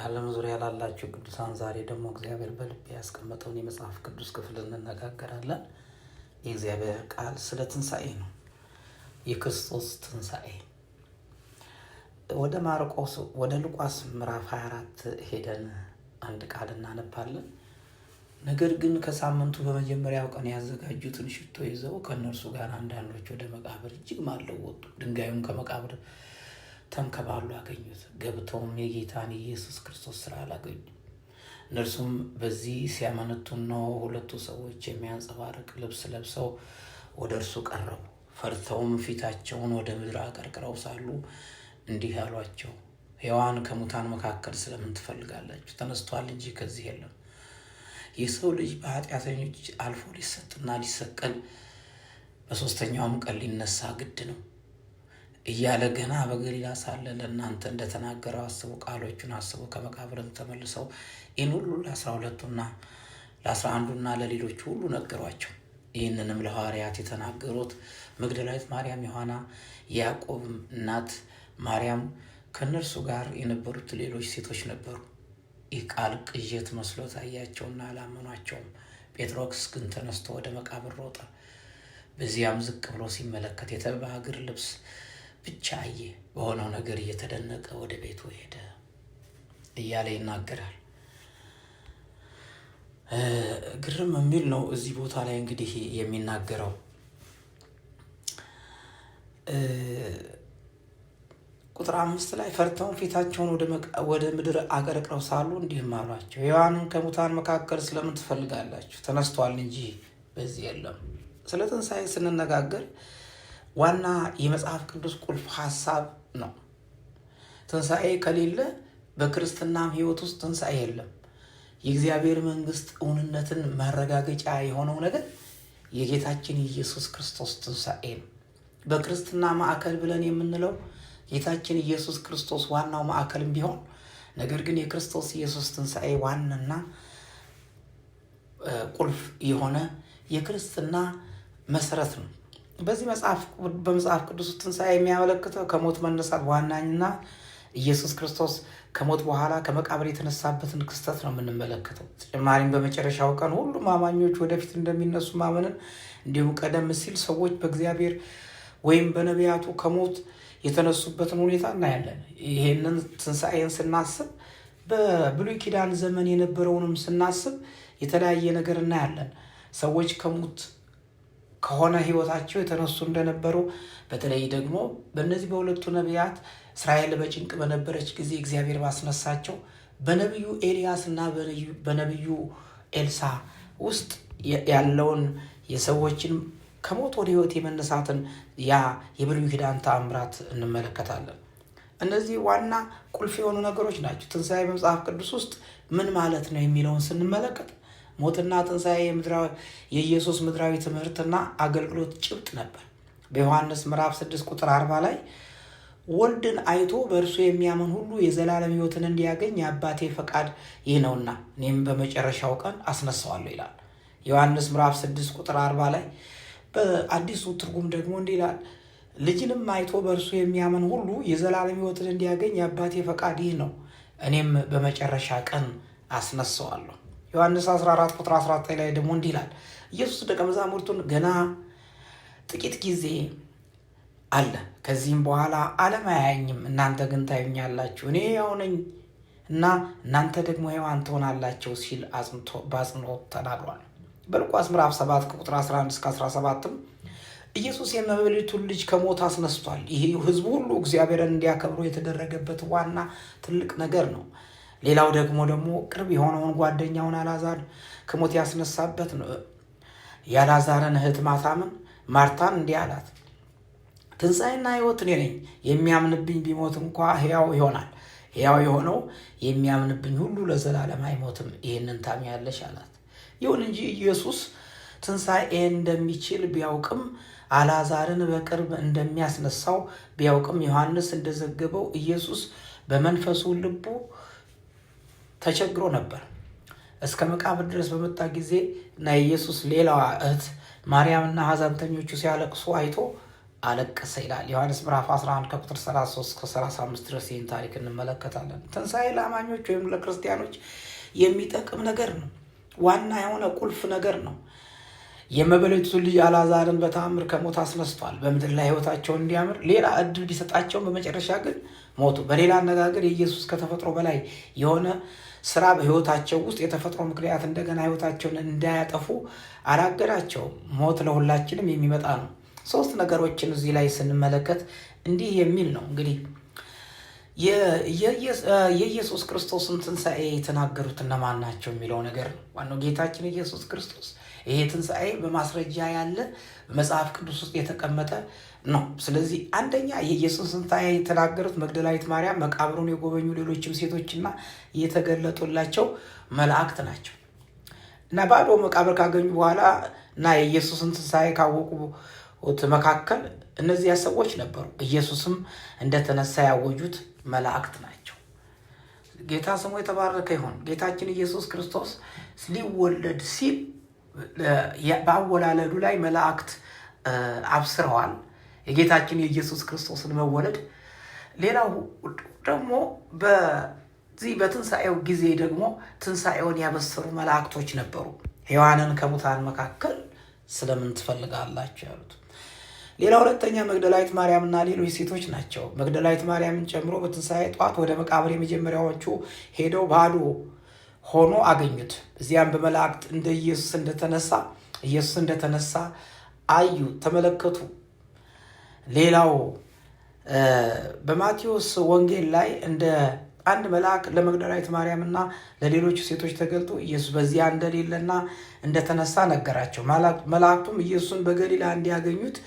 በዓለም ዙሪያ ላላችሁ ቅዱሳን ዛሬ ደግሞ እግዚአብሔር በልቤ ያስቀመጠውን የመጽሐፍ ቅዱስ ክፍል እንነጋገራለን። የእግዚአብሔር ቃል ስለ ትንሣኤ ነው፣ የክርስቶስ ትንሣኤ። ወደ ማርቆስ ወደ ሉቃስ ምዕራፍ 24 ሄደን አንድ ቃል እናነባለን። ነገር ግን ከሳምንቱ በመጀመሪያው ቀን ያዘጋጁትን ሽቶ ይዘው ከእነርሱ ጋር አንዳንዶች ወደ መቃብር እጅግ ማለው ወጡ፣ ድንጋዩን ከመቃብር ተንከባሉ አገኙት። ገብተውም የጌታን የኢየሱስ ክርስቶስ ስራ አላገኙ። እነርሱም በዚህ ሲያመነቱ ነው። ሁለቱ ሰዎች የሚያንጸባርቅ ልብስ ለብሰው ወደ እርሱ ቀረቡ። ፈርተውም ፊታቸውን ወደ ምድር አቀርቅረው ሳሉ እንዲህ አሏቸው፣ ሕያዋን ከሙታን መካከል ስለምን ትፈልጋላችሁ? ተነስቷል እንጂ ከዚህ የለም። የሰው ልጅ በኃጢአተኞች አልፎ ሊሰጥና ሊሰቀል በሦስተኛውም ቀን ሊነሳ ግድ ነው። እያለ ገና በገሊላ ሳለ ለእናንተ እንደተናገረው አስቡ፣ ቃሎቹን አስቡ። ከመቃብርም ተመልሰው ይህን ሁሉ ለአስራ ሁለቱና ለአስራ አንዱና ለሌሎቹ ሁሉ ነገሯቸው። ይህንንም ለሐዋርያት የተናገሩት መግደላዊት ማርያም፣ ዮሐና፣ ያዕቆብ እናት ማርያም ከእነርሱ ጋር የነበሩት ሌሎች ሴቶች ነበሩ። ይህ ቃል ቅዠት መስሎ ታያቸውና አላመኗቸውም። ጴጥሮክስ ግን ተነስቶ ወደ መቃብር ሮጠ። በዚያም ዝቅ ብሎ ሲመለከት የተባዕግር ልብስ ብቻ አየ። በሆነው ነገር እየተደነቀ ወደ ቤቱ ሄደ እያለ ይናገራል። ግርም የሚል ነው እዚህ ቦታ ላይ እንግዲህ የሚናገረው ቁጥር አምስት ላይ ፈርተውን ፊታቸውን ወደ ምድር አቀረቅረው ሳሉ እንዲህም አሏቸው፣ ሕያዋንን ከሙታን መካከል ስለምን ትፈልጋላችሁ? ተነስቷል እንጂ በዚህ የለም። ስለ ትንሣኤ ስንነጋገር ዋና የመጽሐፍ ቅዱስ ቁልፍ ሀሳብ ነው። ትንሣኤ ከሌለ በክርስትናም ህይወት ውስጥ ትንሣኤ የለም። የእግዚአብሔር መንግስት እውንነትን ማረጋገጫ የሆነው ነገር የጌታችን ኢየሱስ ክርስቶስ ትንሣኤ ነው። በክርስትና ማዕከል ብለን የምንለው ጌታችን ኢየሱስ ክርስቶስ ዋናው ማዕከልም ቢሆን ነገር ግን የክርስቶስ ኢየሱስ ትንሣኤ ዋናና ቁልፍ የሆነ የክርስትና መሰረት ነው። በዚህ በመጽሐፍ ቅዱስ ትንሣኤ የሚያመለክተው ከሞት መነሳት ዋናኝና ኢየሱስ ክርስቶስ ከሞት በኋላ ከመቃብር የተነሳበትን ክስተት ነው የምንመለከተው። ተጨማሪም በመጨረሻው ቀን ሁሉም አማኞች ወደፊት እንደሚነሱ ማመንን እንዲሁም ቀደም ሲል ሰዎች በእግዚአብሔር ወይም በነቢያቱ ከሞት የተነሱበትን ሁኔታ እናያለን። ይሄንን ትንሣኤን ስናስብ በብሉይ ኪዳን ዘመን የነበረውንም ስናስብ የተለያየ ነገር እናያለን። ሰዎች ከሞት ከሆነ ህይወታቸው የተነሱ እንደነበሩ በተለይ ደግሞ በእነዚህ በሁለቱ ነቢያት እስራኤል በጭንቅ በነበረች ጊዜ እግዚአብሔር ባስነሳቸው በነቢዩ ኤልያስ እና በነቢዩ ኤልሳ ውስጥ ያለውን የሰዎችን ከሞት ወደ ህይወት የመነሳትን ያ የብሉይ ኪዳን ተአምራት እንመለከታለን። እነዚህ ዋና ቁልፍ የሆኑ ነገሮች ናቸው። ትንሣኤ በመጽሐፍ ቅዱስ ውስጥ ምን ማለት ነው የሚለውን ስንመለከት ሞትና ትንሣኤ የኢየሱስ ምድራዊ ትምህርትና አገልግሎት ጭብጥ ነበር። በዮሐንስ ምዕራፍ 6 ቁጥር 40 ላይ ወልድን አይቶ በእርሱ የሚያምን ሁሉ የዘላለም ሕይወትን እንዲያገኝ የአባቴ ፈቃድ ይህ ነውና እኔም በመጨረሻው ቀን አስነሳዋለሁ ይላል። ዮሐንስ ምዕራፍ 6 ቁጥር 40 ላይ በአዲሱ ትርጉም ደግሞ እንዲህ ይላል ልጅንም አይቶ በእርሱ የሚያምን ሁሉ የዘላለም ሕይወትን እንዲያገኝ የአባቴ ፈቃድ ይህ ነው፣ እኔም በመጨረሻ ቀን አስነሳዋለሁ። ዮሐንስ 14 ቁጥር 19 ላይ ደግሞ እንዲህ ይላል፣ ኢየሱስ ደቀ መዛሙርቱን ገና ጥቂት ጊዜ አለ፣ ከዚህም በኋላ ዓለም አያኝም እናንተ ግን ታዩኛላችሁ፣ እኔ ሕያው ነኝ እና እናንተ ደግሞ ሕያዋን ትሆናላቸው ሲል በአጽንኦት ተናግሯል። በልቋስ ምዕራፍ 7 ቁጥር 11 እስከ 17ም ኢየሱስ የመበለቲቱን ልጅ ከሞት አስነስቷል። ይህ ህዝቡ ሁሉ እግዚአብሔርን እንዲያከብሩ የተደረገበት ዋና ትልቅ ነገር ነው። ሌላው ደግሞ ደግሞ ቅርብ የሆነውን ጓደኛውን አላዛር ከሞት ያስነሳበት ነው። የአላዛርን እህት ማታምን ማርታን እንዲህ አላት፣ ትንሣኤና ሕይወት እኔ ነኝ። የሚያምንብኝ ቢሞት እንኳ ሕያው ይሆናል። ሕያው የሆነው የሚያምንብኝ ሁሉ ለዘላለም አይሞትም። ይህንን ታምኛለሽ አላት። ይሁን እንጂ ኢየሱስ ትንሣኤ እንደሚችል ቢያውቅም አላዛርን በቅርብ እንደሚያስነሳው ቢያውቅም ዮሐንስ እንደዘገበው ኢየሱስ በመንፈሱ ልቡ ተቸግሮ ነበር። እስከ መቃብር ድረስ በመጣ ጊዜ እና የኢየሱስ ሌላዋ እህት ማርያምና ሀዛንተኞቹ ሲያለቅሱ አይቶ አለቀሰ ይላል ዮሐንስ ምዕራፍ 11 ከቁጥር 33 እስከ 35 ድረስ ይህን ታሪክ እንመለከታለን። ትንሣኤ ለአማኞች ወይም ለክርስቲያኖች የሚጠቅም ነገር ነው። ዋና የሆነ ቁልፍ ነገር ነው። የመበለቲቱ ልጅ አልዓዛርን በተአምር ከሞት አስነስቷል። በምድር ላይ ሕይወታቸው እንዲያምር ሌላ እድል ቢሰጣቸውም በመጨረሻ ግን ሞቱ። በሌላ አነጋገር የኢየሱስ ከተፈጥሮ በላይ የሆነ ስራ በህይወታቸው ውስጥ የተፈጥሮ ምክንያት እንደገና ህይወታቸውን እንዳያጠፉ አላገዳቸውም። ሞት ለሁላችንም የሚመጣ ነው። ሶስት ነገሮችን እዚህ ላይ ስንመለከት እንዲህ የሚል ነው እንግዲህ የኢየሱስ ክርስቶስን ትንሣኤ የተናገሩት እነማን ናቸው የሚለው ነገር ነው ዋናው። ጌታችን ኢየሱስ ክርስቶስ ይሄ ትንሣኤ በማስረጃ ያለ በመጽሐፍ ቅዱስ ውስጥ የተቀመጠ ነው። ስለዚህ አንደኛ የኢየሱስ ትንሣኤ የተናገሩት መግደላዊት ማርያም፣ መቃብሩን የጎበኙ ሌሎችም ሴቶችና የተገለጡላቸው መላእክት ናቸው እና ባዶ መቃብር ካገኙ በኋላ እና የኢየሱስን ትንሣኤ ካወቁት መካከል እነዚያ ሰዎች ነበሩ። ኢየሱስም እንደተነሳ ያወጁት መላእክት ናቸው። ጌታ ስሙ የተባረከ ይሁን። ጌታችን ኢየሱስ ክርስቶስ ሊወለድ ሲል በአወላለዱ ላይ መላእክት አብስረዋል የጌታችን የኢየሱስ ክርስቶስን መወለድ። ሌላው ደግሞ በዚህ በትንሣኤው ጊዜ ደግሞ ትንሣኤውን ያበሰሩ መላእክቶች ነበሩ። ሔዋንን ከሙታን መካከል ስለምን ትፈልጋላችሁ ያሉት ሌላ ሁለተኛ መግደላዊት ማርያምና ሌሎች ሴቶች ናቸው። መግደላዊት ማርያምን ጨምሮ በትንሣኤ ጠዋት ወደ መቃብር የመጀመሪያዎቹ ሄደው ባዶ ሆኖ አገኙት። እዚያም በመላእክት እንደ ኢየሱስ እንደተነሳ ኢየሱስ እንደተነሳ አዩ፣ ተመለከቱ። ሌላው በማቴዎስ ወንጌል ላይ እንደ አንድ መልአክ ለመግደላዊት ማርያምና ለሌሎች ሴቶች ተገልጦ ኢየሱስ በዚያ እንደሌለና እንደተነሳ ነገራቸው። መላእክቱም ኢየሱስን በገሊላ እንዲያገኙት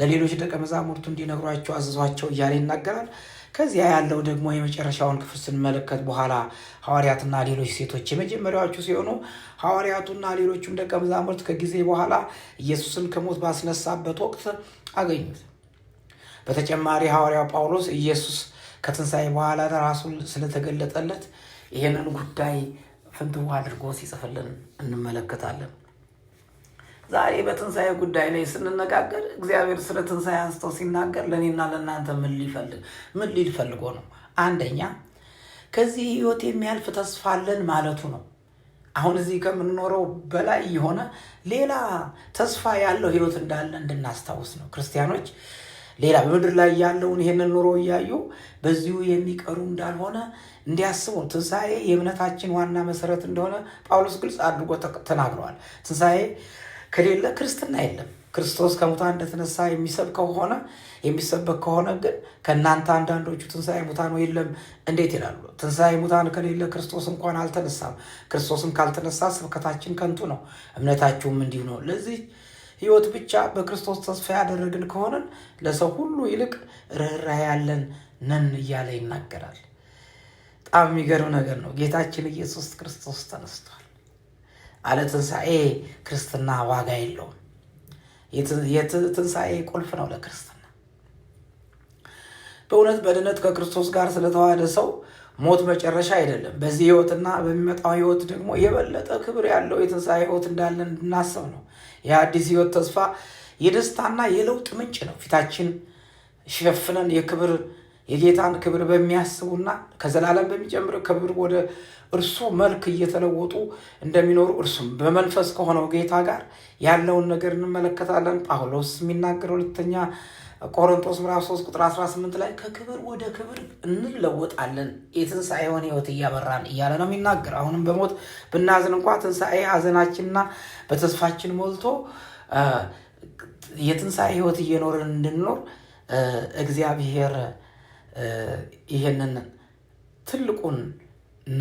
ለሌሎች ደቀ መዛሙርቱ እንዲነግሯቸው አዘዟቸው እያለ ይናገራል። ከዚያ ያለው ደግሞ የመጨረሻውን ክፍል ስንመለከት በኋላ ሐዋርያትና ሌሎች ሴቶች የመጀመሪያዎቹ ሲሆኑ ሐዋርያቱና ሌሎቹም ደቀ መዛሙርት ከጊዜ በኋላ ኢየሱስን ከሞት ባስነሳበት ወቅት አገኙት። በተጨማሪ ሐዋርያው ጳውሎስ ኢየሱስ ከትንሣኤ በኋላ ራሱን ስለተገለጠለት ይህንን ጉዳይ ፍንትው አድርጎ ሲጽፍልን እንመለከታለን። ዛሬ በትንሣኤ ጉዳይ ላይ ስንነጋገር እግዚአብሔር ስለ ትንሣኤ አንስተው ሲናገር ለእኔና ለእናንተ ምን ሊፈልግ ምን ሊል ፈልጎ ነው? አንደኛ ከዚህ ህይወት የሚያልፍ ተስፋ አለን ማለቱ ነው። አሁን እዚህ ከምንኖረው በላይ የሆነ ሌላ ተስፋ ያለው ህይወት እንዳለ እንድናስታውስ ነው። ክርስቲያኖች ሌላ በምድር ላይ ያለውን ይሄንን ኑሮ እያዩ በዚሁ የሚቀሩ እንዳልሆነ እንዲያስቡ ትንሣኤ የእምነታችን ዋና መሰረት እንደሆነ ጳውሎስ ግልጽ አድርጎ ተናግረዋል። ትንሣኤ ከሌለ ክርስትና የለም። ክርስቶስ ከሙታን እንደተነሳ የሚሰብ ከሆነ የሚሰበክ ከሆነ ግን ከእናንተ አንዳንዶቹ ትንሣኤ ሙታን የለም እንዴት ይላሉ? ትንሣኤ ሙታን ከሌለ ክርስቶስ እንኳን አልተነሳም። ክርስቶስም ካልተነሳ ስብከታችን ከንቱ ነው፣ እምነታችሁም እንዲሁ ነው። ለዚህ ሕይወት ብቻ በክርስቶስ ተስፋ ያደረግን ከሆነን ለሰው ሁሉ ይልቅ ርኅራ ያለን ነን እያለ ይናገራል። በጣም የሚገርም ነገር ነው። ጌታችን ኢየሱስ ክርስቶስ ተነስቷል። አለ ትንሣኤ ክርስትና ዋጋ የለውም። የትንሣኤ ቁልፍ ነው ለክርስትና። በእውነት በድነት ከክርስቶስ ጋር ስለተዋደ ሰው ሞት መጨረሻ አይደለም። በዚህ ህይወትና በሚመጣው ህይወት ደግሞ የበለጠ ክብር ያለው የትንሣኤ ህይወት እንዳለን እንድናስብ ነው። የአዲስ ህይወት ተስፋ የደስታና የለውጥ ምንጭ ነው። ፊታችን ሸፍነን የክብር የጌታን ክብር በሚያስቡና ከዘላለም በሚጨምር ክብር ወደ እርሱ መልክ እየተለወጡ እንደሚኖሩ እርሱም በመንፈስ ከሆነው ጌታ ጋር ያለውን ነገር እንመለከታለን። ጳውሎስ የሚናገር ሁለተኛ ቆሮንቶስ ምዕራፍ 3 ቁጥር 18 ላይ ከክብር ወደ ክብር እንለወጣለን የትንሣኤውን ሕይወት እያበራን እያለ ነው የሚናገር። አሁንም በሞት ብናዝን እንኳ ትንሣኤ ሐዘናችንና በተስፋችን ሞልቶ የትንሣኤ ሕይወት እየኖርን እንድንኖር እግዚአብሔር ይሄንን ትልቁን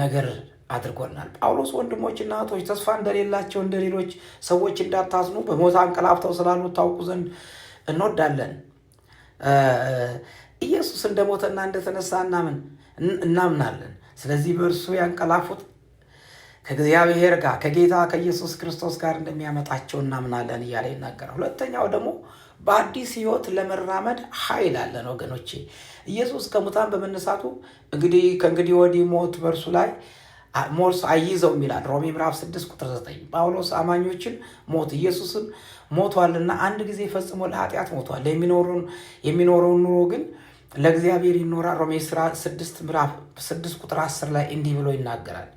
ነገር አድርጎናል። ጳውሎስ ወንድሞችና እህቶች ተስፋ እንደሌላቸው እንደ ሌሎች ሰዎች እንዳታዝኑ በሞት አንቀላፍተው ስላሉ ታውቁ ዘንድ እንወዳለን። ኢየሱስ እንደ ሞተና እንደተነሳ እናምን እናምናለን። ስለዚህ በእርሱ ያንቀላፉት ከእግዚአብሔር ጋር ከጌታ ከኢየሱስ ክርስቶስ ጋር እንደሚያመጣቸው እናምናለን እያለ ይናገራል። ሁለተኛው ደግሞ በአዲስ ህይወት ለመራመድ ኃይል አለን ወገኖቼ። ኢየሱስ ከሙታን በመነሳቱ እንግዲህ ከእንግዲህ ወዲህ ሞት በእርሱ ላይ ሞርስ አይዘው ይላል ሮሜ ምዕራፍ 6 ቁጥር 9 ጳውሎስ አማኞችን ሞት ኢየሱስም ሞቷልና አንድ ጊዜ ፈጽሞ ለኃጢአት ሞቷል፣ የሚኖረውን ኑሮ ግን ለእግዚአብሔር ይኖራል። ሮሜ ስራ 6 ምዕራፍ 6 ቁጥር 10 ላይ እንዲህ ብሎ ይናገራል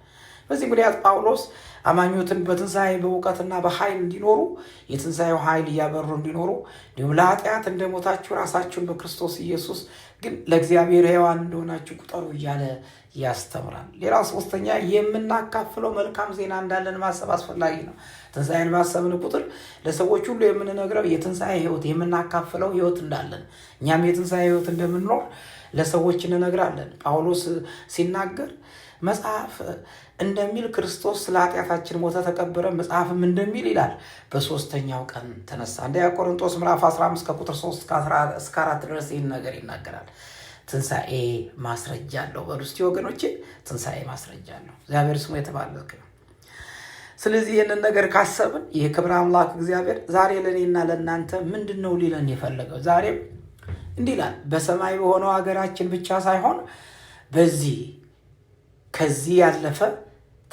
በዚህ ምክንያት ጳውሎስ አማኞትን በትንሣኤ በእውቀትና በኃይል እንዲኖሩ የትንሣኤው ኃይል እያበሩ እንዲኖሩ እንዲሁም ለኃጢአት እንደሞታችሁ ራሳችሁን በክርስቶስ ኢየሱስ ግን ለእግዚአብሔር ሕያዋን እንደሆናችሁ ቁጠሩ እያለ ያስተምራል። ሌላው ሶስተኛ የምናካፍለው መልካም ዜና እንዳለን ማሰብ አስፈላጊ ነው። ትንሣኤን ባሰብን ቁጥር ለሰዎች ሁሉ የምንነግረው የትንሣኤ ሕይወት የምናካፍለው ሕይወት እንዳለን እኛም የትንሣኤ ሕይወት እንደምንኖር ለሰዎች እንነግራለን። ጳውሎስ ሲናገር መጽሐፍ እንደሚል ክርስቶስ ስለ ኃጢአታችን ሞተ፣ ተቀበረ መጽሐፍም እንደሚል ይላል በሶስተኛው ቀን ተነሳ። እንደ ቆሮንቶስ ምዕራፍ 15 ከቁጥር 3 እስከ 4 ድረስ ይህን ነገር ይናገራል። ትንሣኤ ማስረጃ አለው። በሉ እስቲ ወገኖቼ ትንሣኤ ማስረጃ አለው። እግዚአብሔር ስሙ የተባለክ ነው። ስለዚህ ይህንን ነገር ካሰብን ይህ ክብር አምላክ እግዚአብሔር ዛሬ ለእኔና ለእናንተ ምንድን ነው ሊለን የፈለገው? ዛሬም እንዲህ ይላል በሰማይ በሆነው ሀገራችን ብቻ ሳይሆን በዚህ ከዚህ ያለፈ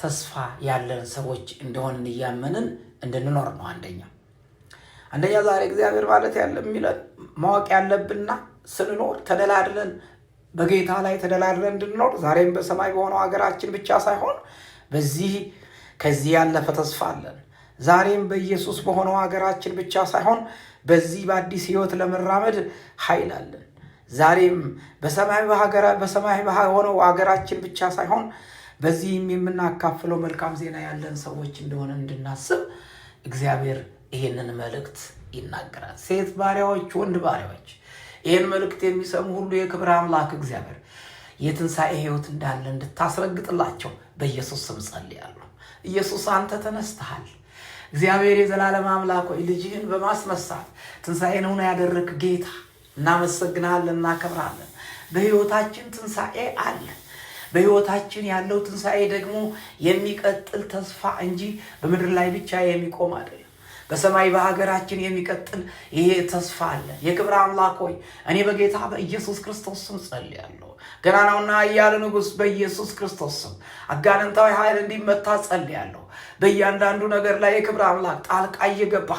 ተስፋ ያለን ሰዎች እንደሆንን እያመንን እንድንኖር ነው። አንደኛ አንደኛ ዛሬ እግዚአብሔር ማለት ያለ የሚለን ማወቅ ያለብንና ስንኖር ተደላድለን በጌታ ላይ ተደላድለን እንድንኖር ዛሬም በሰማይ በሆነው ሀገራችን ብቻ ሳይሆን በዚህ ከዚህ ያለፈ ተስፋ አለን። ዛሬም በኢየሱስ በሆነው ሀገራችን ብቻ ሳይሆን በዚህ በአዲስ ህይወት ለመራመድ ኃይል አለን። ዛሬም በሰማይ በሆነው ሀገራችን ብቻ ሳይሆን በዚህም የምናካፍለው መልካም ዜና ያለን ሰዎች እንደሆነ እንድናስብ እግዚአብሔር ይህንን መልእክት ይናገራል። ሴት ባሪያዎች፣ ወንድ ባሪያዎች ይህን መልእክት የሚሰሙ ሁሉ የክብር አምላክ እግዚአብሔር የትንሣኤ ሕይወት እንዳለ እንድታስረግጥላቸው በኢየሱስ ስም ጸልያለሁ። ኢየሱስ አንተ ተነስተሃል። እግዚአብሔር የዘላለም አምላክ ሆይ ልጅህን በማስነሳት ትንሣኤን ሆነ ያደረግ ጌታ እናመሰግናለን፣ እናከብራለን። በሕይወታችን ትንሣኤ አለ። በሕይወታችን ያለው ትንሣኤ ደግሞ የሚቀጥል ተስፋ እንጂ በምድር ላይ ብቻ የሚቆም አይደለም። በሰማይ በሀገራችን የሚቀጥል ይሄ ተስፋ አለ። የክብር አምላክ ሆይ እኔ በጌታ በኢየሱስ ክርስቶስ ስም ጸልያለሁ። ገናናውና እያለ ንጉሥ በኢየሱስ ክርስቶስ ስም አጋንንታዊ ኃይል እንዲመታ ጸልያለሁ። በእያንዳንዱ ነገር ላይ የክብር አምላክ ጣልቃ እየገባ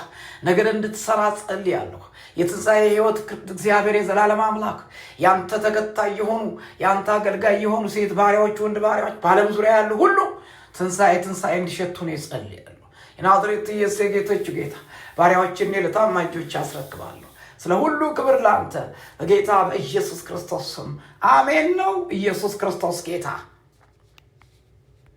ነገር እንድትሰራ ጸልያለሁ። የትንሣኤ ሕይወት እግዚአብሔር የዘላለም አምላክ ያንተ ተከታይ የሆኑ ያንተ አገልጋይ የሆኑ ሴት ባሪያዎች፣ ወንድ ባሪያዎች በዓለም ዙሪያ ያሉ ሁሉ ትንሣኤ ትንሣኤ እንዲሸቱ ነው ጸልያለሁ። የናዝሬቱ ኢየሱስ የጌቶቹ ጌታ ባሪያዎችን እኔ ለታማጆች አስረክባለሁ። ስለ ሁሉ ክብር ላንተ በጌታ በኢየሱስ ክርስቶስ ስም አሜን። ነው ኢየሱስ ክርስቶስ ጌታ